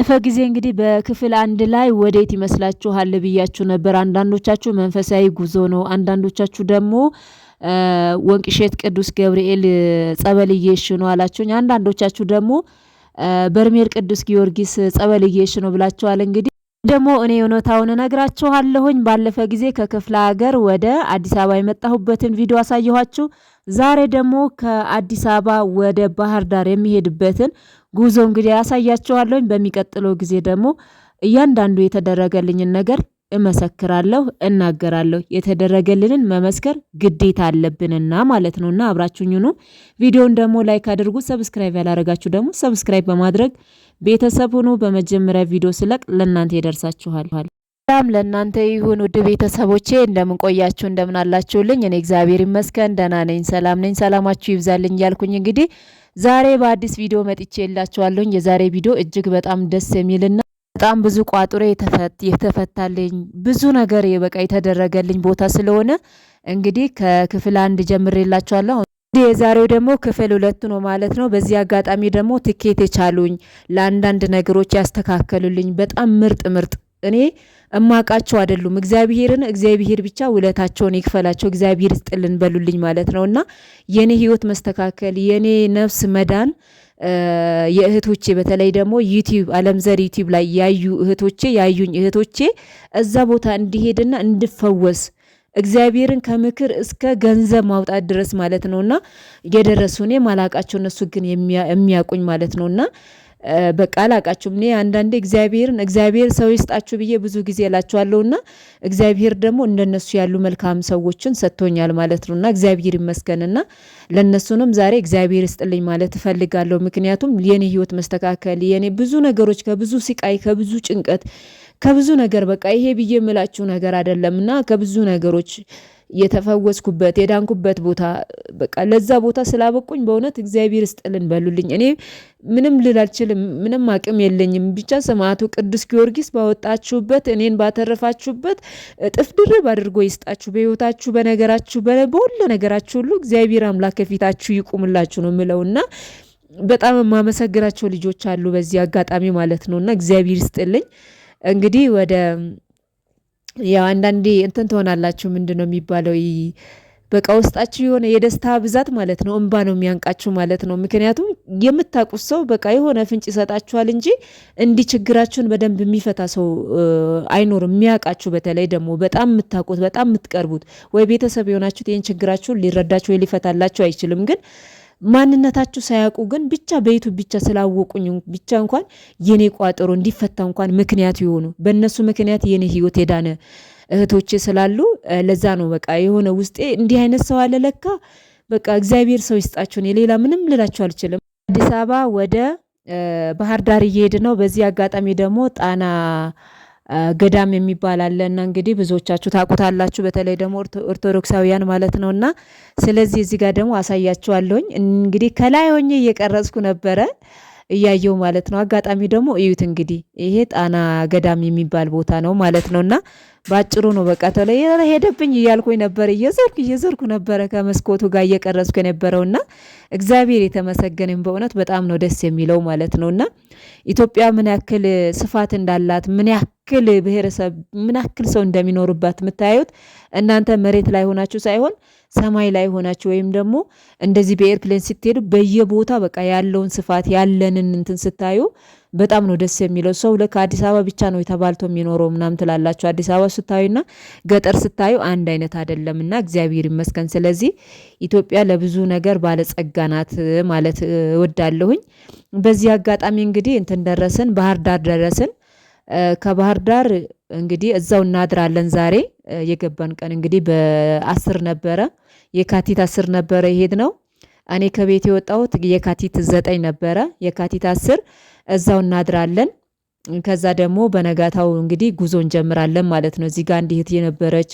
ባለፈ ጊዜ እንግዲህ በክፍል አንድ ላይ ወዴት ይመስላችኋል ብያችሁ ነበር። አንዳንዶቻችሁ መንፈሳዊ ጉዞ ነው፣ አንዳንዶቻችሁ ደግሞ ወንቅሼት ቅዱስ ገብርኤል ጸበልዬሽ ነው አላችሁኝ። አንዳንዶቻችሁ ደግሞ በርሜል ቅዱስ ጊዮርጊስ ጸበልዬሽ ነው ብላችኋል። እንግዲህ ደግሞ እኔ እውነታውን እነግራችኋለሁኝ። ባለፈ ጊዜ ከክፍለ ሀገር ወደ አዲስ አበባ የመጣሁበትን ቪዲዮ አሳየኋችሁ። ዛሬ ደግሞ ከአዲስ አበባ ወደ ባህር ዳር የሚሄድበትን ጉዞ እንግዲህ ያሳያቸዋለሁኝ። በሚቀጥለው ጊዜ ደግሞ እያንዳንዱ የተደረገልኝን ነገር እመሰክራለሁ፣ እናገራለሁ። የተደረገልንን መመስከር ግዴታ አለብንና ማለት ነው። እና አብራችሁኝ ኑ። ቪዲዮን ደግሞ ላይክ አድርጉ። ሰብስክራይብ ያላረጋችሁ ደግሞ ሰብስክራይብ በማድረግ ቤተሰብ ሁኑ። በመጀመሪያ ቪዲዮ ስለቅ ለእናንተ ይደርሳችኋል። ሰላም ለእናንተ ይሁን ውድ ቤተሰቦቼ፣ እንደምንቆያችሁ እንደምናላችሁልኝ። እኔ እግዚአብሔር ይመስገን ደህና ነኝ፣ ሰላም ነኝ። ሰላማችሁ ይብዛልኝ እያልኩኝ እንግዲህ ዛሬ በአዲስ ቪዲዮ መጥቼ የላችኋለሁኝ። የዛሬ ቪዲዮ እጅግ በጣም ደስ የሚልና በጣም ብዙ ቋጥሬ የተፈታልኝ ብዙ ነገር በቃ የተደረገልኝ ቦታ ስለሆነ እንግዲህ ከክፍል አንድ ጀምሬላችኋለሁ። እንግዲህ የዛሬው ደግሞ ክፍል ሁለት ነው ማለት ነው። በዚህ አጋጣሚ ደግሞ ትኬት የቻሉኝ ለአንዳንድ ነገሮች ያስተካከሉልኝ በጣም ምርጥ ምርጥ እኔ እማቃቸው አይደሉም። እግዚአብሔርን እግዚአብሔር ብቻ ውለታቸውን ይክፈላቸው፣ እግዚአብሔር ይስጥልን በሉልኝ ማለት ነው እና የኔ ህይወት መስተካከል የኔ ነፍስ መዳን የእህቶቼ በተለይ ደግሞ ዩቲዩብ አለም ዘር ዩቲዩብ ላይ ያዩ እህቶቼ ያዩኝ እህቶቼ እዛ ቦታ እንዲሄድና እንድፈወስ እግዚአብሔርን ከምክር እስከ ገንዘብ ማውጣት ድረስ ማለት ነውና የደረሱ እኔ ማላቃቸው እነሱ ግን የሚያቁኝ ማለት ነውና በቃ አላቃችሁም። እኔ አንዳንዴ እግዚአብሔርን እግዚአብሔር ሰው ይስጣችሁ ብዬ ብዙ ጊዜ እላችኋለሁና እግዚአብሔር ደግሞ እንደነሱ ያሉ መልካም ሰዎችን ሰጥቶኛል ማለት እና እግዚአብሔር ይመስገንና ለእነሱንም ዛሬ እግዚአብሔር ይስጥልኝ ማለት እፈልጋለሁ። ምክንያቱም የኔ ህይወት መስተካከል የኔ ብዙ ነገሮች ከብዙ ስቃይ ከብዙ ጭንቀት ከብዙ ነገር በቃ ይሄ ብዬ የምላችሁ ነገር አይደለምና ከብዙ ነገሮች የተፈወስኩበት የዳንኩበት ቦታ በቃ ለዛ ቦታ ስላበቁኝ በእውነት እግዚአብሔር ይስጥልን በሉልኝ። እኔ ምንም ልል አልችልም፣ ምንም አቅም የለኝም። ብቻ ሰማዕቱ ቅዱስ ጊዮርጊስ ባወጣችሁበት እኔን ባተረፋችሁበት እጥፍ ድርብ አድርጎ ይስጣችሁ። በህይወታችሁ፣ በነገራችሁ፣ በሁሉ ነገራችሁ ሁሉ እግዚአብሔር አምላክ ከፊታችሁ ይቁምላችሁ ነው ምለውና በጣም የማመሰግናቸው ልጆች አሉ በዚህ አጋጣሚ ማለት ነው እና እግዚአብሔር ይስጥልኝ እንግዲህ ወደ ያው አንዳንዴ እንትን ትሆናላችሁ ምንድን ነው የሚባለው በቃ ውስጣችሁ የሆነ የደስታ ብዛት ማለት ነው፣ እንባ ነው የሚያንቃችሁ ማለት ነው። ምክንያቱም የምታውቁት ሰው በቃ የሆነ ፍንጭ ይሰጣችኋል እንጂ እንዲህ ችግራችሁን በደንብ የሚፈታ ሰው አይኖርም። የሚያውቃችሁ በተለይ ደግሞ በጣም የምታውቁት በጣም የምትቀርቡት ወይ ቤተሰብ የሆናችሁት ይህን ችግራችሁን ሊረዳችሁ ወይ ሊፈታላችሁ አይችልም ግን ማንነታችሁ ሳያውቁ ግን ብቻ በይቱ ብቻ ስላወቁኝ ብቻ እንኳን የኔ ቋጠሮ እንዲፈታ እንኳን ምክንያት የሆኑ በእነሱ ምክንያት የኔ ህይወት የዳነ እህቶቼ ስላሉ ለዛ ነው በቃ የሆነ ውስጤ እንዲህ አይነት ሰው አለ ለካ በቃ እግዚአብሔር ሰው ይስጣችሁን። የሌላ ምንም ልላችሁ አልችልም። አዲስ አበባ ወደ ባህር ዳር እየሄድ ነው። በዚህ አጋጣሚ ደግሞ ጣና ገዳም የሚባል አለ እና እንግዲህ ብዙዎቻችሁ ታውቁታላችሁ፣ በተለይ ደግሞ ኦርቶዶክሳውያን ማለት ነው። እና ስለዚህ እዚህ ጋር ደግሞ አሳያችኋለሁኝ። እንግዲህ ከላይ ሆኜ እየቀረጽኩ ነበረ እያየው ማለት ነው። አጋጣሚ ደግሞ እዩት እንግዲህ ይሄ ጣና ገዳም የሚባል ቦታ ነው ማለት ነው እና በአጭሩ ነው በቃ ተለ ሄደብኝ እያልኩኝ ነበር እየዘርኩ እየዘርኩ ነበረ ከመስኮቱ ጋር እየቀረጽኩ እና እግዚአብሔር የተመሰገነኝ በእውነት በጣም ነው ደስ የሚለው ማለት ነው እና ኢትዮጵያ ምን ያክል ስፋት እንዳላት ምን ያክል ያክል ብሔረሰብ ምን ያክል ሰው እንደሚኖርባት የምታዩት እናንተ መሬት ላይ ሆናችሁ ሳይሆን ሰማይ ላይ ሆናችሁ ወይም ደግሞ እንደዚህ በኤርፕሌን ስትሄዱ በየቦታ በቃ ያለውን ስፋት ያለንን እንትን ስታዩ በጣም ነው ደስ የሚለው። ሰው ልክ አዲስ አበባ ብቻ ነው የተባልቶ የሚኖረው ምናም ትላላችሁ። አዲስ አበባ ስታዩና ገጠር ስታዩ አንድ አይነት አይደለም እና እግዚአብሔር ይመስገን። ስለዚህ ኢትዮጵያ ለብዙ ነገር ባለጸጋ ናት ማለት እወዳለሁኝ። በዚህ አጋጣሚ እንግዲህ እንትን ደረስን፣ ባህር ዳር ደረስን። ከባህር ዳር እንግዲህ እዛው እናድራለን። ዛሬ የገባን ቀን እንግዲህ በአስር ነበረ የካቲት አስር ነበረ ነው። እኔ ከቤት የወጣሁት የካቲት ዘጠኝ ነበረ። የካቲት አስር እዛው እናድራለን። ከዛ ደግሞ በነጋታው እንግዲህ ጉዞ እንጀምራለን ማለት ነው። እዚህ ጋር እንዲህት የነበረች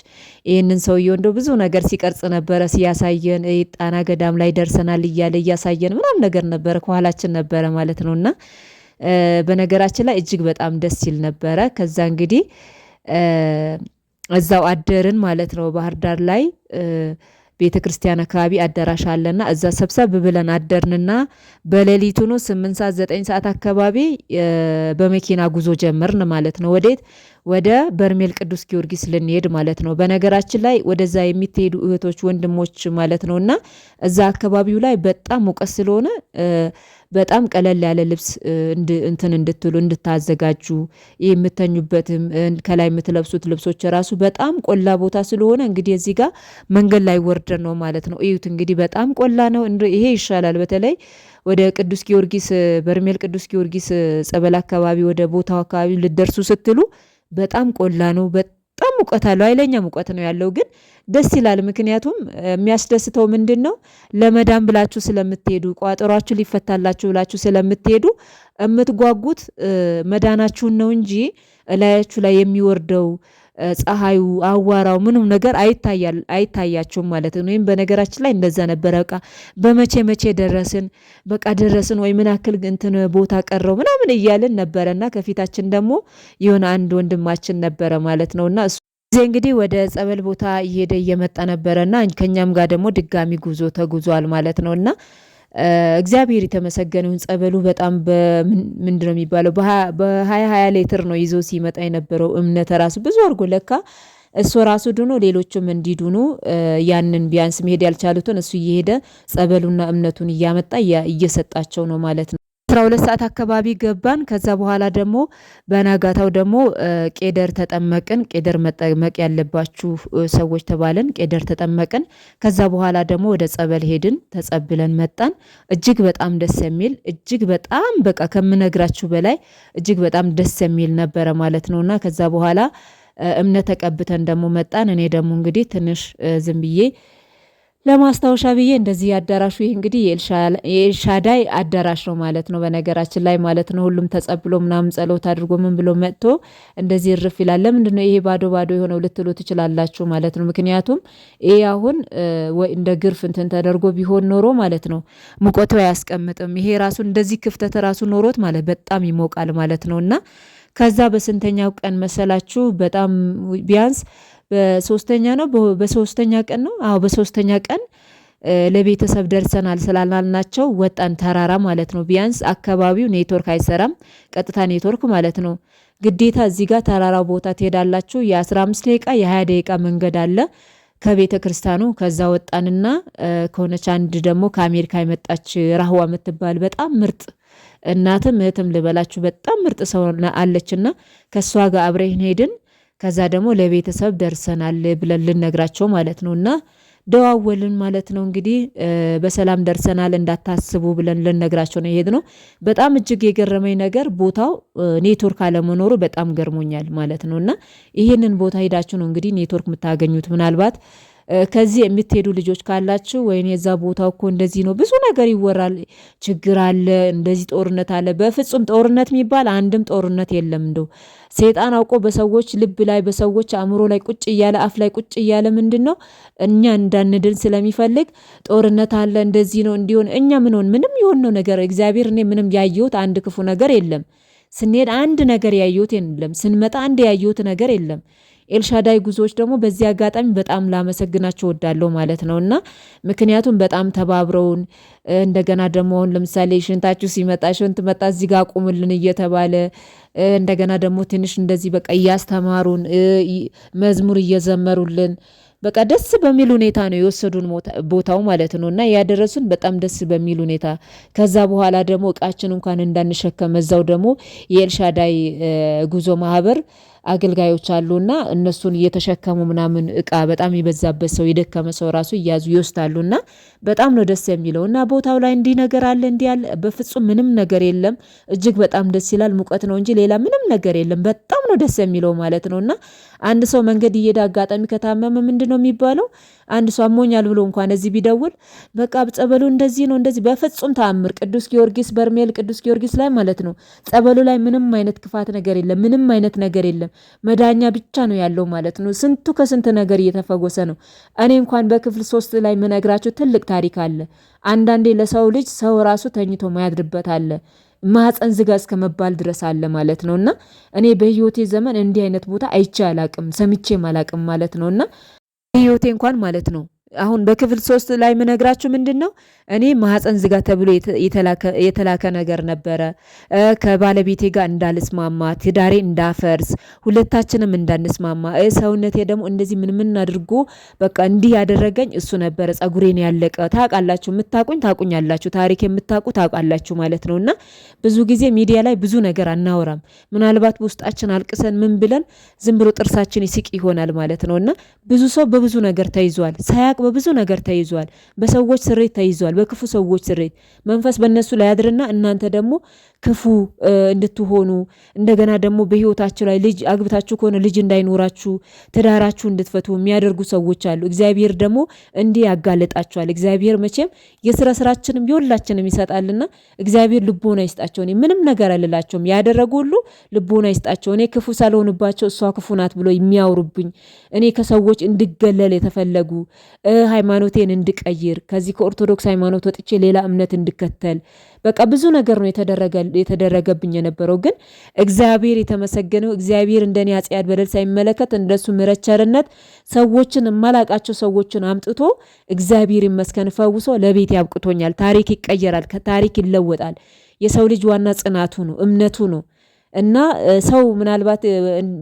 ይህንን ሰውየው እንደ ብዙ ነገር ሲቀርጽ ነበረ ሲያሳየን፣ ጣና ገዳም ላይ ደርሰናል እያለ እያሳየን ምናምን ነገር ነበረ፣ ከኋላችን ነበረ ማለት ነው እና በነገራችን ላይ እጅግ በጣም ደስ ሲል ነበረ። ከዛ እንግዲህ እዛው አደርን ማለት ነው። ባህር ዳር ላይ ቤተ ክርስቲያን አካባቢ አዳራሽ አለና እዛ ሰብሰብ ብለን አደርንና በሌሊቱ ነው ስምንት ሰዓት ዘጠኝ ሰዓት አካባቢ በመኪና ጉዞ ጀመርን ማለት ነው። ወዴት ወደ በርሜል ቅዱስ ጊዮርጊስ ልንሄድ ማለት ነው። በነገራችን ላይ ወደዛ የሚትሄዱ እህቶች ወንድሞች ማለት ነው እና እዛ አካባቢው ላይ በጣም ሙቀት ስለሆነ በጣም ቀለል ያለ ልብስ እንትን እንድትሉ እንድታዘጋጁ የምተኙበትም ከላይ የምትለብሱት ልብሶች ራሱ በጣም ቆላ ቦታ ስለሆነ እንግዲህ እዚህ ጋር መንገድ ላይ ወርደን ነው ማለት ነው። እዩት እንግዲህ በጣም ቆላ ነው። ይሄ ይሻላል። በተለይ ወደ ቅዱስ ጊዮርጊስ በርሜል ቅዱስ ጊዮርጊስ ጸበል አካባቢ ወደ ቦታው አካባቢ ልደርሱ ስትሉ በጣም ቆላ ነው። በጣም ሙቀት አለው። ኃይለኛ ሙቀት ነው ያለው ግን ደስ ይላል። ምክንያቱም የሚያስደስተው ምንድን ነው? ለመዳን ብላችሁ ስለምትሄዱ፣ ቋጠሯችሁ ሊፈታላችሁ ብላችሁ ስለምትሄዱ የምትጓጉት መዳናችሁን ነው እንጂ እላያችሁ ላይ የሚወርደው ፀሐዩ፣ አዋራው፣ ምንም ነገር አይታያቸውም ማለት ነው። ወይም በነገራችን ላይ እንደዛ ነበረ። በቃ በመቼ መቼ ደረስን፣ በቃ ደረስን ወይ ምን ያክል እንትን ቦታ ቀረው ምናምን እያልን እና ከፊታችን ደግሞ የሆነ አንድ ወንድማችን ነበረ ማለት ነውና እዚህ እንግዲህ ወደ ጸበል ቦታ እየሄደ እየመጣ ነበረና ከኛም ጋር ደግሞ ድጋሚ ጉዞ ተጉዟል ማለት ነው እና እግዚአብሔር የተመሰገነውን ጸበሉ በጣም ምንድነው የሚባለው በሀያ ሀያ ሌትር ነው ይዞ ሲመጣ የነበረው እምነት ራሱ ብዙ አድርጎ ለካ እሱ ራሱ ድኖ ሌሎችም እንዲድኑ ያንን ቢያንስ መሄድ ያልቻሉትን እሱ እየሄደ ጸበሉና እምነቱን እያመጣ እየሰጣቸው ነው ማለት ነው። አስራ ሁለት ሰዓት አካባቢ ገባን። ከዛ በኋላ ደግሞ በነጋታው ደግሞ ቄደር ተጠመቅን። ቄደር መጠመቅ ያለባችሁ ሰዎች ተባለን። ቄደር ተጠመቅን። ከዛ በኋላ ደግሞ ወደ ጸበል ሄድን፣ ተጸብለን መጣን። እጅግ በጣም ደስ የሚል እጅግ በጣም በቃ ከምነግራችሁ በላይ እጅግ በጣም ደስ የሚል ነበረ ማለት ነው እና ከዛ በኋላ እምነት ተቀብተን ደግሞ መጣን። እኔ ደግሞ እንግዲህ ትንሽ ዝም ብዬ ለማስታወሻ ብዬ እንደዚህ አዳራሹ ይህ እንግዲህ የኤልሻዳይ አዳራሽ ነው ማለት ነው። በነገራችን ላይ ማለት ነው ሁሉም ተጸብሎ ምናምን ጸሎት አድርጎ ምን ብሎ መጥቶ እንደዚህ እርፍ ይላል። ለምንድን ነው ይሄ ባዶ ባዶ የሆነው ልትሉ ትችላላችሁ ማለት ነው። ምክንያቱም ይሄ አሁን እንደ ግርፍ እንትን ተደርጎ ቢሆን ኖሮ ማለት ነው ሙቀቱ አያስቀምጥም። ይሄ ራሱ እንደዚህ ክፍተት ራሱ ኖሮት ማለት በጣም ይሞቃል ማለት ነው እና ከዛ በስንተኛው ቀን መሰላችሁ በጣም ቢያንስ በሶስተኛ ነው በሶስተኛ ቀን ነው። አዎ በሶስተኛ ቀን ለቤተሰብ ደርሰናል ስላልናቸው ወጣን ተራራ ማለት ነው። ቢያንስ አካባቢው ኔትወርክ አይሰራም፣ ቀጥታ ኔትወርክ ማለት ነው። ግዴታ እዚህ ጋር ተራራው ቦታ ትሄዳላችሁ። የ15 ደቂቃ የ20 ደቂቃ መንገድ አለ ከቤተ ክርስቲያኑ። ከዛ ወጣንና ከሆነች አንድ ደግሞ ከአሜሪካ የመጣች ራህዋ የምትባል በጣም ምርጥ እናትም እህትም ልበላችሁ በጣም ምርጥ ሰው አለችና ከእሷ ጋር አብረን ሄድን። ከዛ ደግሞ ለቤተሰብ ደርሰናል ብለን ልነግራቸው ማለት ነው እና ደዋወልን ማለት ነው እንግዲህ በሰላም ደርሰናል እንዳታስቡ ብለን ልነግራቸው ነው ነው። በጣም እጅግ የገረመኝ ነገር ቦታው ኔትወርክ አለመኖሩ በጣም ገርሞኛል ማለት ነው እና ይህንን ቦታ ሄዳችሁ ነው እንግዲህ ኔትወርክ የምታገኙት ምናልባት ከዚህ የምትሄዱ ልጆች ካላችሁ ወይኔ የዛ ቦታው እኮ እንደዚህ ነው፣ ብዙ ነገር ይወራል፣ ችግር አለ፣ እንደዚህ ጦርነት አለ። በፍጹም ጦርነት የሚባል አንድም ጦርነት የለም። እንደው ሴጣን አውቆ በሰዎች ልብ ላይ በሰዎች አእምሮ ላይ ቁጭ እያለ አፍ ላይ ቁጭ እያለ ምንድን ነው እኛ እንዳንድን ስለሚፈልግ ጦርነት አለ፣ እንደዚህ ነው እንዲሆን እኛ ሆን ምንም የሆን ነው ነገር እግዚአብሔር እኔ ምንም ያየሁት አንድ ክፉ ነገር የለም። ስንሄድ አንድ ነገር ያየሁት የለም። ስንመጣ አንድ ያየሁት ነገር የለም። ኤልሻዳይ ጉዞዎች ደግሞ በዚህ አጋጣሚ በጣም ላመሰግናቸው ወዳለሁ ማለት ነው እና ምክንያቱም በጣም ተባብረውን እንደገና ደግሞ አሁን ለምሳሌ ሽንታችሁ ሲመጣ ሽንት መጣ እዚህ ጋር ቁምልን እየተባለ እንደገና ደግሞ ትንሽ እንደዚህ በቃ እያስተማሩን መዝሙር እየዘመሩልን በቃ ደስ በሚል ሁኔታ ነው የወሰዱን ቦታው ማለት ነው እና ያደረሱን በጣም ደስ በሚል ሁኔታ። ከዛ በኋላ ደግሞ እቃችን እንኳን እንዳንሸከም እዛው ደግሞ የኤልሻዳይ ጉዞ ማህበር አገልጋዮች አሉ እና እነሱን እየተሸከሙ ምናምን እቃ በጣም የበዛበት ሰው የደከመ ሰው ራሱ እያዙ እና በጣም ነው ደስ የሚለው። እና ቦታው ላይ እንዲህ ነገር አለ እንዲህ አለ፣ በፍጹም ምንም ነገር የለም። እጅግ በጣም ደስ ይላል። ሙቀት ነው እንጂ ሌላ ምንም ነገር የለም። በጣም ነው ደስ የሚለው ማለት ነው። እና አንድ ሰው መንገድ እየሄደ አጋጣሚ ከታመመ ምንድን ነው የሚባለው? አንድ ሰው አሞኛል ብሎ እንኳን እዚህ ቢደውል በቃ ጸበሉ እንደዚህ ነው እንደዚህ፣ በፍጹም ተአምር ቅዱስ ጊዮርጊስ በርሜል ቅዱስ ጊዮርጊስ ላይ ማለት ነው ጸበሉ ላይ ምንም አይነት ክፋት ነገር የለም። ምንም አይነት ነገር የለም። መዳኛ ብቻ ነው ያለው ማለት ነው። ስንቱ ከስንት ነገር እየተፈወሰ ነው። እኔ እንኳን በክፍል ሶስት ላይ ምነግራችሁ ትልቅ ታሪክ አለ። አንዳንዴ ለሰው ልጅ ሰው ራሱ ተኝቶ ማያድርበት አለ ማህፀን ዝጋ እስከ መባል ድረስ አለ ማለት ነው። እና እኔ በህይወቴ ዘመን እንዲህ አይነት ቦታ አይቼ አላቅም ሰምቼም አላቅም ማለት ነው እና ህይወቴ እንኳን ማለት ነው አሁን በክፍል ሶስት ላይ የምነግራችሁ ምንድን ነው እኔ ማህፀን ዝጋ ተብሎ የተላከ ነገር ነበረ። ከባለቤቴ ጋር እንዳልስማማ፣ ትዳሬ እንዳፈርስ፣ ሁለታችንም እንዳንስማማ፣ ሰውነቴ ደግሞ እንደዚህ ምን ምን አድርጎ በቃ እንዲህ ያደረገኝ እሱ ነበረ። ጸጉሬን ያለቀ ታውቃላችሁ፣ የምታቁኝ ታቁኛላችሁ፣ ታሪክ የምታቁ ታውቃላችሁ ማለት ነው። እና ብዙ ጊዜ ሚዲያ ላይ ብዙ ነገር አናወራም። ምናልባት በውስጣችን አልቅሰን ምን ብለን ዝም ብሎ ጥርሳችን ይስቅ ይሆናል ማለት ነው። እና ብዙ ሰው በብዙ ነገር ተይዟል ሳያ ታላቅ በብዙ ነገር ተይዟል። በሰዎች ስሬት ተይዟል፣ በክፉ ሰዎች ስሬት መንፈስ በእነሱ ላይ ያድርና እናንተ ደግሞ ክፉ እንድትሆኑ እንደገና ደግሞ በህይወታችሁ ላይ ልጅ አግብታችሁ ከሆነ ልጅ እንዳይኖራችሁ ትዳራችሁ እንድትፈቱ የሚያደርጉ ሰዎች አሉ። እግዚአብሔር ደግሞ እንዲህ ያጋለጣቸዋል። እግዚአብሔር መቼም የስራ ስራችንም የሁላችንም ይሰጣልና እግዚአብሔር ልቦና ይስጣቸው። እኔ ምንም ነገር አልላቸውም። ያደረጉ ሁሉ ልቦና ይስጣቸው። እኔ ክፉ ሳልሆንባቸው እሷ ክፉ ናት ብሎ የሚያወሩብኝ እኔ ከሰዎች እንድገለል የተፈለጉ ሃይማኖቴን እንድቀይር ከዚህ ከኦርቶዶክስ ሃይማኖት ወጥቼ ሌላ እምነት እንድከተል በቃ ብዙ ነገር ነው የተደረገብኝ የነበረው። ግን እግዚአብሔር የተመሰገነው እግዚአብሔር እንደኔ አጽያድ በደል ሳይመለከት እንደሱ ምረቸርነት ሰዎችን የማላቃቸው ሰዎችን አምጥቶ እግዚአብሔር ይመስገን ፈውሶ ለቤት ያብቅቶኛል። ታሪክ ይቀየራል፣ ታሪክ ይለወጣል። የሰው ልጅ ዋና ጽናቱ ነው፣ እምነቱ ነው። እና ሰው ምናልባት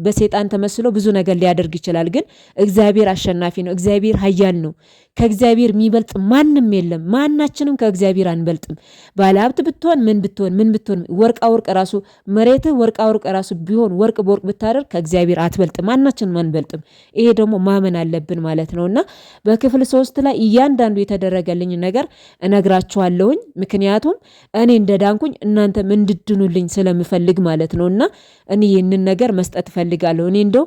በሰይጣን ተመስሎ ብዙ ነገር ሊያደርግ ይችላል። ግን እግዚአብሔር አሸናፊ ነው። እግዚአብሔር ኃያል ነው። ከእግዚአብሔር የሚበልጥ ማንም የለም። ማናችንም ከእግዚአብሔር አንበልጥም። ባለሀብት ብትሆን ምን ብትሆን ምን ብትሆን ወርቃ ወርቅ ራሱ መሬት ወርቃ ወርቅ ራሱ ቢሆን ወርቅ በወርቅ ብታደርግ ከእግዚአብሔር አትበልጥም። ማናችንም አንበልጥም። ይሄ ደግሞ ማመን አለብን ማለት ነው እና በክፍል ሶስት ላይ እያንዳንዱ የተደረገልኝ ነገር እነግራችኋለሁኝ። ምክንያቱም እኔ እንደዳንኩኝ እናንተም እንድድኑልኝ ስለምፈልግ ማለት ነው። ነው እና እኔ ይህንን ነገር መስጠት እፈልጋለሁ። እኔ እንደው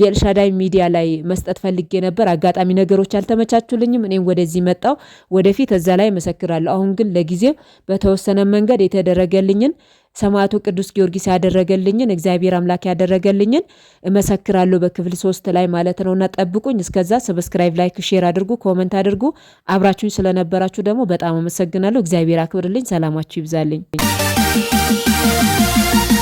የኤልሻዳይ ሚዲያ ላይ መስጠት ፈልጌ ነበር፣ አጋጣሚ ነገሮች አልተመቻቹልኝም። እኔም ወደዚህ መጣው። ወደፊት እዛ ላይ መሰክራለሁ። አሁን ግን ለጊዜው በተወሰነ መንገድ የተደረገልኝን ሰማዕቱ ቅዱስ ጊዮርጊስ ያደረገልኝን እግዚአብሔር አምላክ ያደረገልኝን እመሰክራለሁ በክፍል ሶስት ላይ ማለት ነው እና ጠብቁኝ። እስከዛ ሰብስክራይብ፣ ላይክ፣ ሼር አድርጉ፣ ኮመንት አድርጉ። አብራችሁኝ ስለነበራችሁ ደግሞ በጣም አመሰግናለሁ። እግዚአብሔር አክብርልኝ። ሰላማችሁ ይብዛልኝ። Thank you.